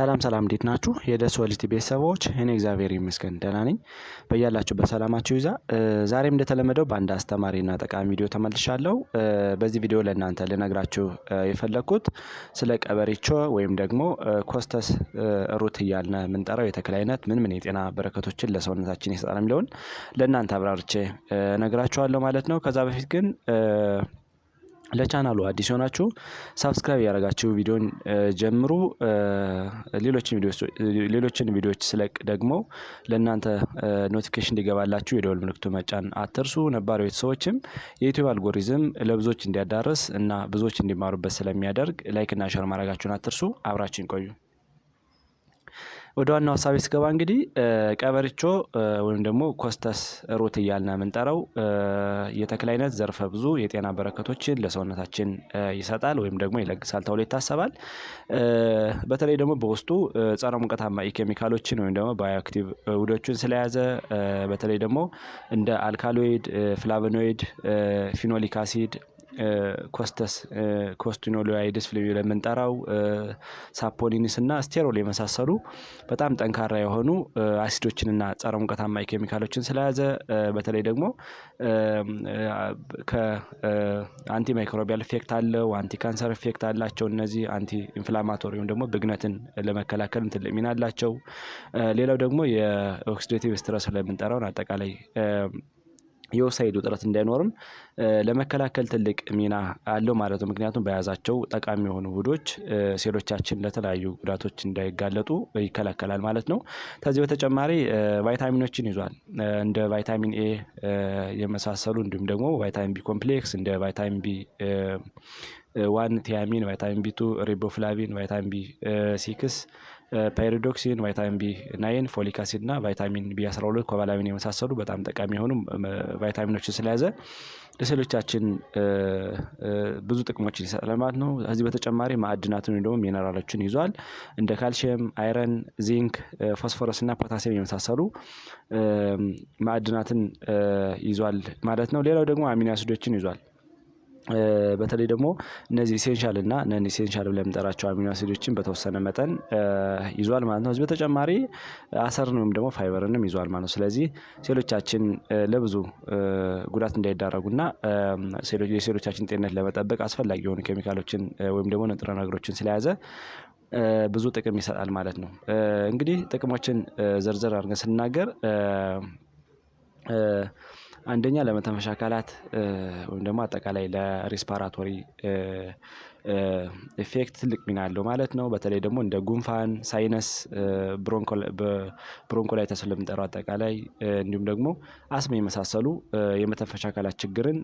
ሰላም ሰላም እንዴት ናችሁ? የደስ ወልቲ ቤተሰቦች እኔ እግዚአብሔር ይመስገን ደህና ነኝ። በያላችሁ በሰላማችሁ ይዛ። ዛሬም እንደተለመደው በአንድ አስተማሪና ጠቃሚ ቪዲዮ ተመልሻለሁ። በዚህ ቪዲዮ ለእናንተ ልነግራችሁ የፈለግኩት ስለ ቀበሪቾ ወይም ደግሞ ኮስተስ ሩት እያልን የምንጠራው የተክል አይነት ምን ምን የጤና በረከቶችን ለሰውነታችን ይሰጣል የሚለውን ለእናንተ አብራርቼ ነግራችኋለሁ ማለት ነው። ከዛ በፊት ግን ለቻናሉ አዲስ ሆናችሁ ሳብስክራይብ ያደረጋችሁ ቪዲዮን ጀምሩ። ሌሎችን ቪዲዮዎች ስለቅ ደግሞ ለእናንተ ኖቲፊኬሽን እንዲገባላችሁ የደወል ምልክቱ መጫን አትርሱ። ነባሪ ቤተሰቦችም የዩቲዩብ አልጎሪዝም ለብዙዎች እንዲያዳርስ እና ብዙዎች እንዲማሩበት ስለሚያደርግ ላይክና ሸር ማድረጋችሁን አትርሱ። አብራችን ቆዩ። ወደ ዋናው ሀሳብ ስገባ እንግዲህ ቀበርቾ ወይም ደግሞ ኮስተስ ሩት እያልን የምንጠራው የተክል አይነት ዘርፈ ብዙ የጤና በረከቶችን ለሰውነታችን ይሰጣል ወይም ደግሞ ይለግሳል ተብሎ ይታሰባል። በተለይ ደግሞ በውስጡ ጸረ ሙቀታማ ኬሚካሎችን ወይም ደግሞ ባዮአክቲቭ ውዶችን ስለያዘ በተለይ ደግሞ እንደ አልካሎይድ፣ ፍላቨኖይድ፣ ፊኖሊክ አሲድ ኮስተስ ኮስቲኖሎይድስ ብለን የምንጠራው ሳፖኒንስ እና ስቴሮል የመሳሰሉ በጣም ጠንካራ የሆኑ አሲዶችንና ጸረ ሙቀታማ ኬሚካሎችን ስለያዘ በተለይ ደግሞ ከአንቲ ማይክሮቢያል ኢፌክት አለው፣ አንቲ ካንሰር ኢፌክት አላቸው። እነዚህ አንቲ ኢንፍላማቶሪ ወይም ደግሞ ብግነትን ለመከላከል ትልቅ ሚና አላቸው። ሌላው ደግሞ የኦክሲዴቲቭ ስትረስ ለምንጠራውን አጠቃላይ የኦፍሳይድ ውጥረት እንዳይኖርም ለመከላከል ትልቅ ሚና አለው ማለት ነው። ምክንያቱም በያዛቸው ጠቃሚ የሆኑ ውህዶች ሴሎቻችን ለተለያዩ ጉዳቶች እንዳይጋለጡ ይከላከላል ማለት ነው። ከዚህ በተጨማሪ ቫይታሚኖችን ይዟል። እንደ ቫይታሚን ኤ የመሳሰሉ እንዲሁም ደግሞ ቫይታሚን ቢ ኮምፕሌክስ እንደ ቫይታሚን ቢ ዋን ቲያሚን፣ ቫይታሚን ቢ ቱ፣ ሪቦፍላቪን፣ ቫይታሚን ቢ ሲክስ ፓይሪዶክሲን፣ ቫይታሚን ቢ ናይን፣ ፎሊክ አሲድ እና ቫይታሚን ቢ 12 ኮባላሚን የመሳሰሉ በጣም ጠቃሚ የሆኑ ቫይታሚኖችን ስለያዘ ለሴሎቻችን ብዙ ጥቅሞችን ይሰጣል ማለት ነው። ከዚህ በተጨማሪ ማዕድናትን ወይም ደግሞ ሚነራሎችን ይዟል። እንደ ካልሽየም፣ አይረን፣ ዚንክ፣ ፎስፎረስ እና ፖታሲየም የመሳሰሉ ማዕድናትን ይዟል ማለት ነው። ሌላው ደግሞ አሚኖ አሲዶችን ይዟል። በተለይ ደግሞ እነዚህ ኢሴንሻል እና ነን ኢሴንሻል ብለን የምንጠራቸው አሚኖ አሲዶችን በተወሰነ መጠን ይዟል ማለት ነው። እዚህ በተጨማሪ አሰርን ወይም ደግሞ ፋይበርንም ይዟል ማለት ነው። ስለዚህ ሴሎቻችን ለብዙ ጉዳት እንዳይዳረጉና የሴሎቻችን ጤንነት ለመጠበቅ አስፈላጊ የሆኑ ኬሚካሎችን ወይም ደግሞ ንጥረ ነገሮችን ስለያዘ ብዙ ጥቅም ይሰጣል ማለት ነው። እንግዲህ ጥቅሞችን ዘርዘር አድርገን ስንናገር አንደኛ ለመተንፈሻ አካላት ወይም ደግሞ አጠቃላይ ለሪስፓራቶሪ ኢፌክት ትልቅ ሚና አለው ማለት ነው። በተለይ ደግሞ እንደ ጉንፋን፣ ሳይነስ፣ ብሮንኮላይተስ ስለምንጠራው አጠቃላይ እንዲሁም ደግሞ አስም የመሳሰሉ የመተንፈሻ አካላት ችግርን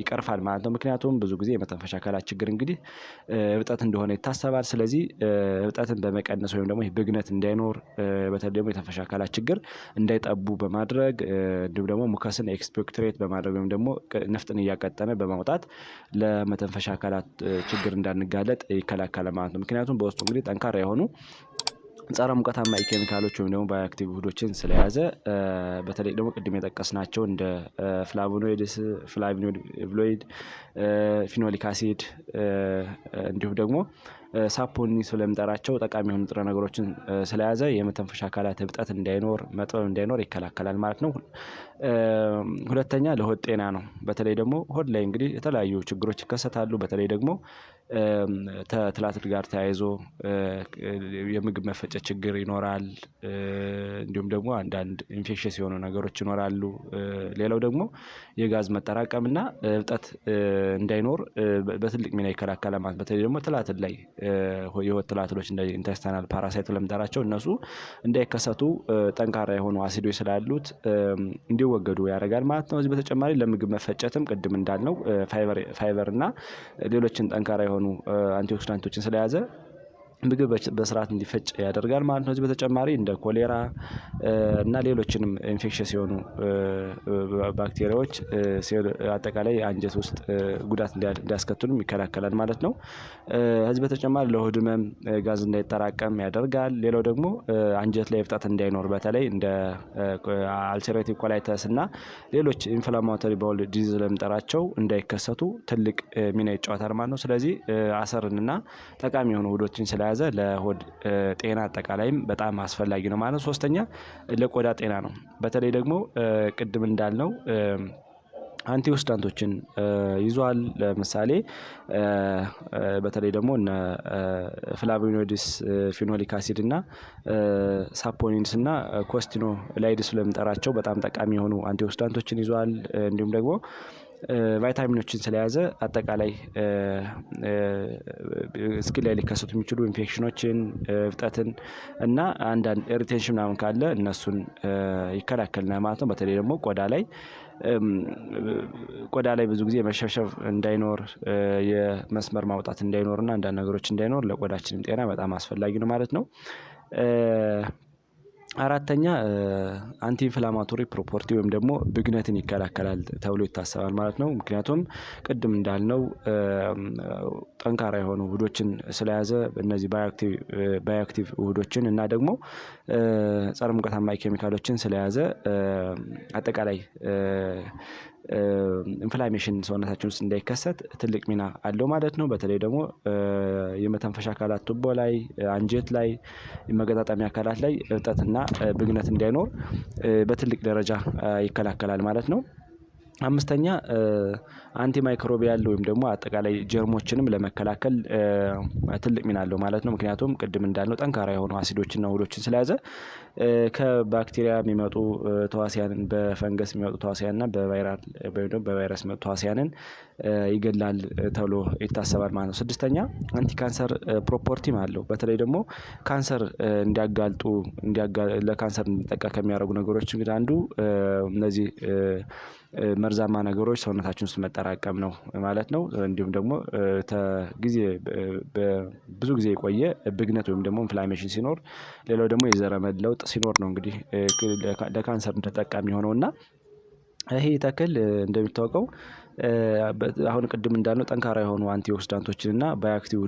ይቀርፋል ማለት ነው። ምክንያቱም ብዙ ጊዜ የመተንፈሻ አካላት ችግር እንግዲህ እብጠት እንደሆነ ይታሰባል። ስለዚህ እብጠትን በመቀነስ ወይም ደግሞ ብግነት እንዳይኖር በተለይ ደግሞ የተንፈሻ አካላት ችግር እንዳይጠቡ በማድረግ እንዲሁም ደግሞ ሙከስን ኤክስፔክትሬት በማድረግ ወይም ደግሞ ነፍጥን እያቀጠነ በማውጣት ለመተንፈሻ አካላት ችግር እንዳንጋለጥ ይከላከለ ማለት ነው። ምክንያቱም በውስጡ እንግዲህ ጠንካራ የሆኑ ጸረ ሙቀታማ ኬሚካሎች ወይም ደግሞ ባዮአክቲቭ ውህዶችን ስለያዘ በተለይ ደግሞ ቅድም የጠቀስናቸው እንደ ፍላቮኖይድስ፣ ፍላቪኖይድ፣ ፊኖሊክ አሲድ እንዲሁም ደግሞ ሳፖኒ ስለምጠራቸው ጠቃሚ የሆኑ ንጥረ ነገሮችን ስለያዘ የመተንፈሻ አካላት እብጠት እንዳይኖር መጥበብ እንዳይኖር ይከላከላል ማለት ነው። ሁለተኛ ለሆድ ጤና ነው። በተለይ ደግሞ ሆድ ላይ እንግዲህ የተለያዩ ችግሮች ይከሰታሉ። በተለይ ደግሞ ትላትል ጋር ተያይዞ የምግብ መፈጨት ችግር ይኖራል። እንዲሁም ደግሞ አንዳንድ ኢንፌክሽስ የሆኑ ነገሮች ይኖራሉ። ሌላው ደግሞ የጋዝ መጠራቀም እና እብጠት እንዳይኖር በትልቅ ሚና ይከላከላል ማለት በተለይ ደግሞ ትላትል ላይ የወጥ ትላትሎች እንደ ኢንተስታይናል ፓራሳይት ለምጠራቸው እነሱ እንዳይከሰቱ ጠንካራ የሆኑ አሲዶች ስላሉት እንዲወገዱ ያደርጋል ማለት ነው። እዚህ በተጨማሪ ለምግብ መፈጨትም ቅድም እንዳልነው ፋይበር እና ሌሎችን ጠንካራ የሆኑ አንቲኦክሲዳንቶችን ስለያዘ ምግብ በስርዓት እንዲፈጭ ያደርጋል ማለት ነው። በተጨማሪ እንደ ኮሌራ እና ሌሎችንም ኢንፌክሸስ የሆኑ ባክቴሪያዎች አጠቃላይ አንጀት ውስጥ ጉዳት እንዲያስከትሉም ይከላከላል ማለት ነው። እዚህ በተጨማሪ ለሆድ ህመም ጋዝ እንዳይጠራቀም ያደርጋል። ሌላው ደግሞ አንጀት ላይ እብጠት እንዳይኖር በተለይ እንደ አልሰሬቲቭ ኮላይተስ እና ሌሎች ኢንፍላማቶሪ ባውል ዲዚዝ ለምንጠራቸው እንዳይከሰቱ ትልቅ ሚና ይጫወታል ማለት ነው። ስለዚህ አሰርን እና ጠቃሚ የሆኑ ውህዶችን ስለያዘ የተያዘ ለሆድ ጤና አጠቃላይም በጣም አስፈላጊ ነው ማለት። ሶስተኛ ለቆዳ ጤና ነው። በተለይ ደግሞ ቅድም እንዳልነው አንቲኦክሲዳንቶችን ይዟል። ለምሳሌ በተለይ ደግሞ እነ ፍላቮኖይድስ፣ ፊኖሊክ አሲድ እና ሳፖኒንስ እና ኮስቲኖ ላይድስ ለምንጠራቸው በጣም ጠቃሚ የሆኑ አንቲኦክሲዳንቶችን ይዟል። እንዲሁም ደግሞ ቫይታሚኖችን ስለያዘ አጠቃላይ ስኪን ላይ ሊከሰቱ የሚችሉ ኢንፌክሽኖችን፣ እብጠትን እና አንዳንድ ሪቴንሽን ምናምን ካለ እነሱን ይከላከልናል ማለት ነው። በተለይ ደግሞ ቆዳ ላይ ቆዳ ላይ ብዙ ጊዜ መሸብሸብ እንዳይኖር የመስመር ማውጣት እንዳይኖርና አንዳንድ ነገሮች እንዳይኖር ለቆዳችንም ጤና በጣም አስፈላጊ ነው ማለት ነው። አራተኛ አንቲ ኢንፍላማቶሪ ፕሮፖርቲ ወይም ደግሞ ብግነትን ይከላከላል ተብሎ ይታሰባል ማለት ነው። ምክንያቱም ቅድም እንዳልነው ጠንካራ የሆኑ ውህዶችን ስለያዘ እነዚህ ባዮአክቲቭ ውህዶችን እና ደግሞ ጸረ ሙቀታማ ኬሚካሎችን ስለያዘ አጠቃላይ ኢንፍላሜሽን ሰውነታችን ውስጥ እንዳይከሰት ትልቅ ሚና አለው ማለት ነው። በተለይ ደግሞ የመተንፈሻ አካላት ቱቦ ላይ አንጀት ላይ መገጣጠሚያ አካላት ላይ እብጠትና ብግነት እንዳይኖር በትልቅ ደረጃ ይከላከላል ማለት ነው አምስተኛ አንቲ ማይክሮቢያል ወይም ደግሞ አጠቃላይ ጀርሞችንም ለመከላከል ትልቅ ሚና አለው ማለት ነው። ምክንያቱም ቅድም እንዳልነው ጠንካራ የሆኑ አሲዶችና ውህዶችን ስለያዘ ከባክቴሪያ የሚመጡ ተዋሲያንን በፈንገስ የሚመጡ ተዋሲያንና በቫይረስ የሚመጡ ተዋሲያንን ይገላል ተብሎ ይታሰባል ማለት ነው። ስድስተኛ አንቲ ካንሰር ፕሮፖርቲም አለው። በተለይ ደግሞ ካንሰር እንዲያጋልጡ ለካንሰር እንዲጠቃ ከሚያደርጉ ነገሮች እንግዲህ አንዱ እነዚህ መርዛማ ነገሮች ሰውነታችን ውስጥ መጠራቀም ነው ማለት ነው። እንዲሁም ደግሞ ጊዜ ብዙ ጊዜ የቆየ ብግነት ወይም ደግሞ ኢንፍላሜሽን ሲኖር ሌላው ደግሞ የዘረመል ለውጥ ሲኖር ነው እንግዲህ ለካንሰር ተጠቃሚ የሆነው እና ይሄ ተክል እንደሚታወቀው አሁን ቅድም እንዳልነው ጠንካራ የሆኑ አንቲኦክሲዳንቶችን እና ባዮአክቲቭ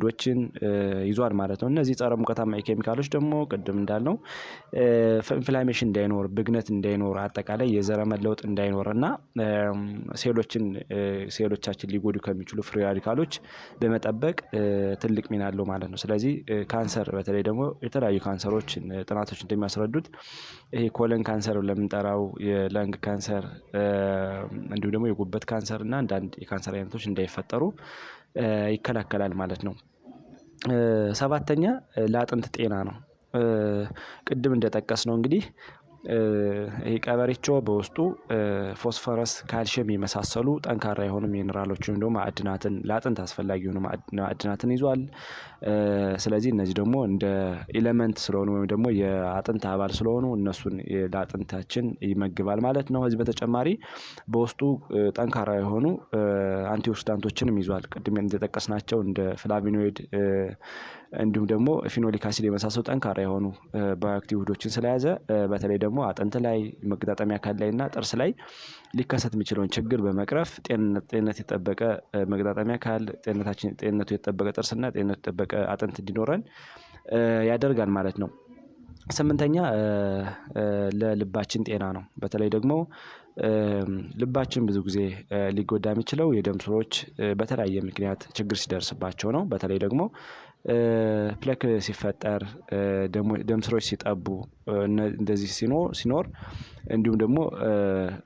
ይዟል ማለት ነው። እነዚህ ጸረ ሙቀታማ ኬሚካሎች ደግሞ ቅድም እንዳልነው ኢንፍላሜሽን እንዳይኖር፣ ብግነት እንዳይኖር፣ አጠቃላይ የዘረመን ለውጥ እንዳይኖር እና ሴሎችን ሴሎቻችን ሊጎዱ ከሚችሉ ፍሪ ራዲካሎች በመጠበቅ ትልቅ ሚና አለው ማለት ነው። ስለዚህ ካንሰር በተለይ ደግሞ የተለያዩ ካንሰሮች ጥናቶች እንደሚያስረዱት ይሄ ኮለን ካንሰር ለምንጠራው የለንግ ካንሰር እንዲሁም ደግሞ የጉበት ካንሰር እና አንዳንድ የካንሰር አይነቶች እንዳይፈጠሩ ይከላከላል ማለት ነው። ሰባተኛ ለአጥንት ጤና ነው። ቅድም እንደጠቀስ ነው እንግዲህ ይህ ቀበሪቾ በውስጡ ፎስፈረስ፣ ካልሽየም የመሳሰሉ ጠንካራ የሆኑ ሚኔራሎች ወይም ደግሞ ማዕድናትን ለአጥንት አስፈላጊ የሆኑ ማዕድናትን ይዟል። ስለዚህ እነዚህ ደግሞ እንደ ኤሌመንት ስለሆኑ ወይም ደግሞ የአጥንት አባል ስለሆኑ እነሱን ለአጥንታችን ይመግባል ማለት ነው። ከዚህ በተጨማሪ በውስጡ ጠንካራ የሆኑ አንቲኦክሲዳንቶችንም ይዟል። ቅድም እንደጠቀስናቸው እንደ ፍላቪኖይድ እንዲሁም ደግሞ ፊኖሊክ አሲድ የመሳሰሉ ጠንካራ የሆኑ ባዮአክቲቭ ውህዶችን ስለያዘ በተለይ ደግሞ ደግሞ አጥንት ላይ መገጣጠሚያ አካል ላይ እና ጥርስ ላይ ሊከሰት የሚችለውን ችግር በመቅረፍ ጤንነት የጠበቀ መገጣጠሚያ አካል ጤንነታችን ጤንነቱ የተጠበቀ ጥርስና ጤንነቱ የጠበቀ አጥንት እንዲኖረን ያደርጋል ማለት ነው። ስምንተኛ ለልባችን ጤና ነው። በተለይ ደግሞ ልባችን ብዙ ጊዜ ሊጎዳ የሚችለው የደም ስሮች በተለያየ ምክንያት ችግር ሲደርስባቸው ነው። በተለይ ደግሞ ፕለክ ሲፈጠር ደም ስሮች ሲጠቡ እንደዚህ ሲኖር እንዲሁም ደግሞ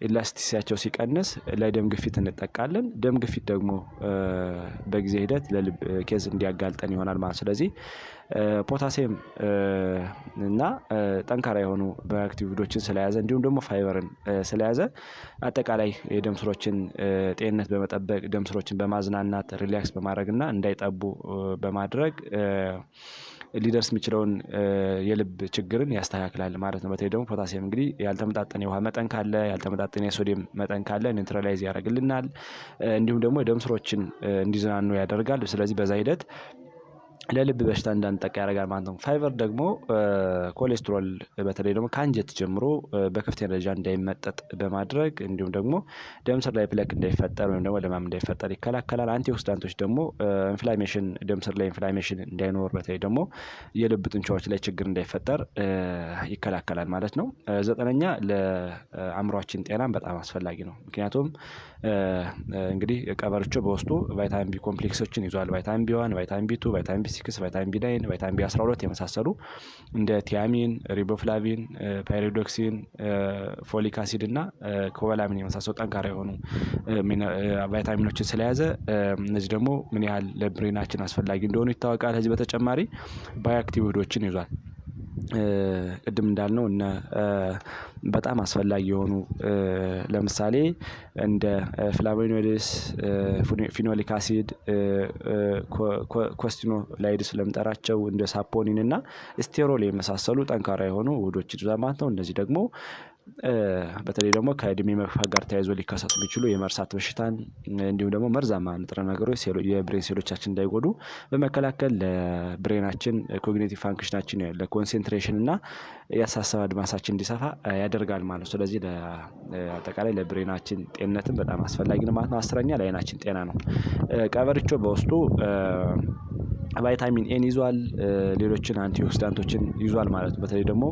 ኢላስቲሲያቸው ሲቀንስ ለደም ግፊት እንጠቃለን። ደም ግፊት ደግሞ በጊዜ ሂደት ለልብ ኬዝ እንዲያጋልጠን ይሆናል ማለት ስለዚህ ፖታሲየም እና ጠንካራ የሆኑ ባዮአክቲቪዶችን ስለያዘ እንዲሁም ደግሞ ፋይበርን ስለያዘ አጠቃላይ የደም ስሮችን ጤንነት በመጠበቅ ደም ስሮችን በማዝናናት ሪላክስ በማድረግ እና እንዳይጠቡ በማድረግ ሊደርስ የሚችለውን የልብ ችግርን ያስተካክላል ማለት ነው። በተለይ ደግሞ ፖታሲየም እንግዲህ ያልተመጣጠን የውሃ መጠን ካለ ያልተመጣጠን የሶዲየም መጠን ካለ ኒውትራላይዝ ያደርግልናል። እንዲሁም ደግሞ የደም ስሮችን እንዲዝናኑ ያደርጋል። ስለዚህ በዛ ሂደት ለልብ በሽታ እንዳንጠቃ ያደርጋል ማለት ነው። ፋይበር ደግሞ ኮሌስትሮል በተለይ ደግሞ ከአንጀት ጀምሮ በከፍተኛ ደረጃ እንዳይመጠጥ በማድረግ እንዲሁም ደግሞ ደም ስር ላይ ፕለክ እንዳይፈጠር ወይም ደግሞ ለማም እንዳይፈጠር ይከላከላል። አንቲኦክሲዳንቶች ደግሞ ኢንፍላሜሽን ደም ስር ላይ ኢንፍላሜሽን እንዳይኖር በተለይ ደግሞ የልብ ጡንቻዎች ላይ ችግር እንዳይፈጠር ይከላከላል ማለት ነው። ዘጠነኛ ለአእምሯችን ጤናም በጣም አስፈላጊ ነው። ምክንያቱም እንግዲህ ቀበርቾ በውስጡ ቫይታሚን ቢ ኮምፕሌክሶችን ይዟል። ቫይታሚን ቢ ዋን፣ ቫይታሚን ቢ ቱ፣ ቫይታሚን ቢ ቢሲክስ፣ ቫይታሚን ቢናይን፣ ቫይታሚን ቢ12 የመሳሰሉ እንደ ቲያሚን፣ ሪቦፍላቪን፣ ፓይሪዶክሲን፣ ፎሊክ አሲድ እና ኮባላሚን የመሳሰሉ ጠንካራ የሆኑ ቫይታሚኖችን ስለያዘ እነዚህ ደግሞ ምን ያህል ለብሬናችን አስፈላጊ እንደሆኑ ይታወቃል። ከዚህ በተጨማሪ ባዮአክቲቭ ውህዶችን ይዟል። ቅድም እንዳልነው እነ በጣም አስፈላጊ የሆኑ ለምሳሌ እንደ ፍላቮኖይድስ ፊኖሊክ አሲድ ኮስቲኖላይድስ ለምጠራቸው እንደ ሳፖኒን እና ስቴሮል የመሳሰሉ ጠንካራ የሆኑ ውህዶች ይዟል ነው። እነዚህ ደግሞ በተለይ ደግሞ ከእድሜ መግፋት ጋር ተያይዞ ሊከሰቱ የሚችሉ የመርሳት በሽታን እንዲሁም ደግሞ መርዛማ ንጥረ ነገሮች የብሬን ሴሎቻችን እንዳይጎዱ በመከላከል ለብሬናችን ኮግኒቲቭ ፋንክሽናችን ለኮንሴንትሬሽን እና የአሳሰብ አድማሳችን እንዲሰፋ ያደርጋል ማለት ነው። ስለዚህ አጠቃላይ ለብሬናችን ጤንነትም በጣም አስፈላጊ ነው ማለት ነው። አስረኛ ለአይናችን ጤና ነው። ቀበርቾ በውስጡ ቫይታሚን ኤን ይዟል ሌሎችን አንቲኦክሲዳንቶችን ይዟል ማለት ነው። በተለይ ደግሞ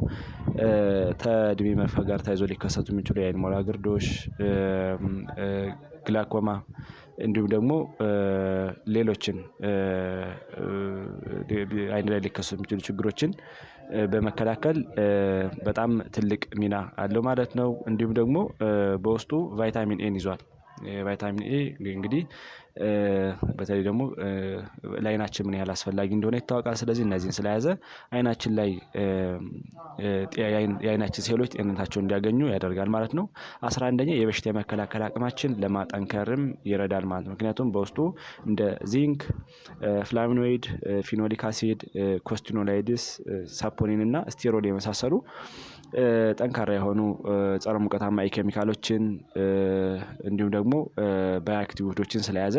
ከእድሜ መግፋ ጋር ተያይዞ ሊከሰቱ የሚችሉ የአይን ሞራ ግርዶሽ፣ ግላኮማ እንዲሁም ደግሞ ሌሎችን አይን ላይ ሊከሰቱ የሚችሉ ችግሮችን በመከላከል በጣም ትልቅ ሚና አለው ማለት ነው። እንዲሁም ደግሞ በውስጡ ቫይታሚን ኤን ይዟል። ቫይታሚን ኤ እንግዲህ በተለይ ደግሞ ለአይናችን ምን ያህል አስፈላጊ እንደሆነ ይታወቃል። ስለዚህ እነዚህን ስለያዘ አይናችን ላይ የአይናችን ሴሎች ጤንነታቸውን እንዲያገኙ ያደርጋል ማለት ነው። አስራ አንደኛ የበሽታ የመከላከል አቅማችን ለማጠንከርም ይረዳል ማለት ነው። ምክንያቱም በውስጡ እንደ ዚንክ፣ ፍላሚኖይድ፣ ፊኖሊክ አሲድ፣ ኮስቲኖላይድስ፣ ሳፖኒን እና ስቴሮል የመሳሰሉ ጠንካራ የሆኑ ጸረ ሙቀታማ እንዲሁም ደግሞ ባዮአክቲቭ ውህዶችን ስለያዘ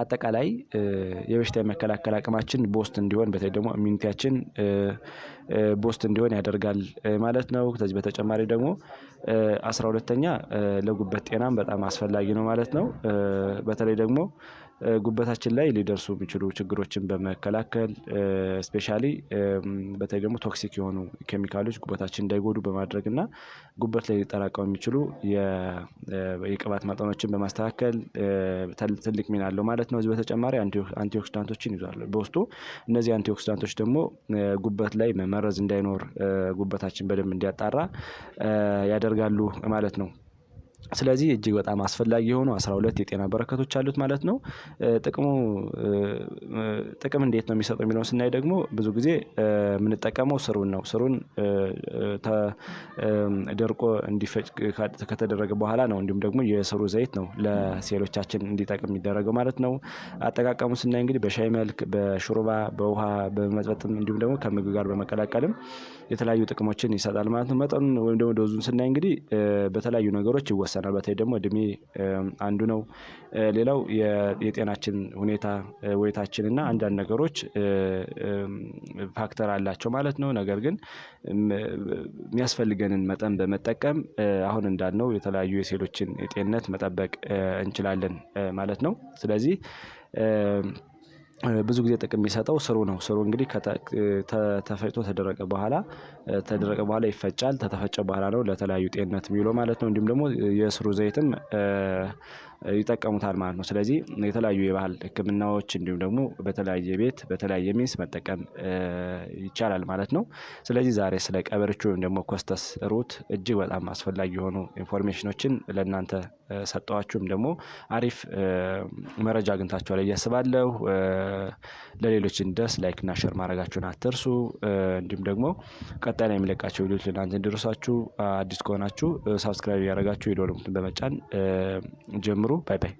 አጠቃላይ የበሽታ የመከላከል አቅማችን ቦስት እንዲሆን በተለይ ደግሞ ኢሚኒቲያችን ቦስት እንዲሆን ያደርጋል ማለት ነው። ከዚህ በተጨማሪ ደግሞ አስራ ሁለተኛ ለጉበት ጤናም በጣም አስፈላጊ ነው ማለት ነው። በተለይ ደግሞ ጉበታችን ላይ ሊደርሱ የሚችሉ ችግሮችን በመከላከል ስፔሻሊ በተለይ ደግሞ ቶክሲክ የሆኑ ኬሚካሎች ጉበታችን እንዳይጎዱ በማድረግ እና ጉበት ላይ ሊጠራቀው የሚችሉ የቅባት መጠኖችን በማስተካከል ትልቅ ሚና አለው ማለት ነው። እዚህ በተጨማሪ አንቲኦክሲዳንቶችን ይዟል በውስጡ። እነዚህ አንቲኦክሲዳንቶች ደግሞ ጉበት ላይ መመረዝ እንዳይኖር ጉበታችን በደንብ እንዲያጣራ ያደርጋሉ ማለት ነው። ስለዚህ እጅግ በጣም አስፈላጊ የሆኑ አስራ ሁለት የጤና በረከቶች አሉት ማለት ነው። ጥቅሙ ጥቅም እንዴት ነው የሚሰጠው የሚለውን ስናይ ደግሞ ብዙ ጊዜ የምንጠቀመው ስሩን ነው። ስሩን ደርቆ እንዲፈጭ ከተደረገ በኋላ ነው። እንዲሁም ደግሞ የስሩ ዘይት ነው ለሴሎቻችን እንዲጠቅም የሚደረገው ማለት ነው። አጠቃቀሙ ስናይ እንግዲህ በሻይ መልክ፣ በሹርባ፣ በውሃ በመመጥበጥም እንዲሁም ደግሞ ከምግብ ጋር በመቀላቀልም የተለያዩ ጥቅሞችን ይሰጣል ማለት ነው። መጠኑን ወይም ደግሞ ዶዙን ስናይ እንግዲህ በተለያዩ ነገሮች ይወሰናል። በተለይ ደግሞ እድሜ አንዱ ነው። ሌላው የጤናችን ሁኔታ ወይታችን እና አንዳንድ ነገሮች ፋክተር አላቸው ማለት ነው። ነገር ግን የሚያስፈልገንን መጠን በመጠቀም አሁን እንዳልነው የተለያዩ የሴሎችን የጤንነት መጠበቅ እንችላለን ማለት ነው። ስለዚህ ብዙ ጊዜ ጥቅም የሚሰጠው ስሩ ነው። ስሩ እንግዲህ ተፈጭቶ ተደረቀ በኋላ ተደረቀ በኋላ ይፈጫል። ከተፈጨ በኋላ ነው ለተለያዩ ጤንነት የሚውለው ማለት ነው። እንዲሁም ደግሞ የስሩ ዘይትም ይጠቀሙታል ማለት ነው። ስለዚህ የተለያዩ የባህል ህክምናዎች እንዲሁም ደግሞ በተለያየ ቤት በተለያየ ሚንስ መጠቀም ይቻላል ማለት ነው። ስለዚህ ዛሬ ስለ ቀበርቹ ወይም ደግሞ ኮስተስ ሩት እጅግ በጣም አስፈላጊ የሆኑ ኢንፎርሜሽኖችን ለእናንተ ሰጠዋችሁም ደግሞ አሪፍ መረጃ አግኝታችኋል ብዬ ለሌሎች እንደስ ላይክ እና ሸር ማድረጋችሁን አትርሱ። እንዲሁም ደግሞ ቀጣይ ላይ የሚለቃቸው ቪዲዮች ለእናንተ እንዲደርሳችሁ አዲስ ከሆናችሁ ሳብስክራይብ እያደረጋችሁ የደወል ምልክቱን በመጫን ጀምሩ። ባይ ባይ።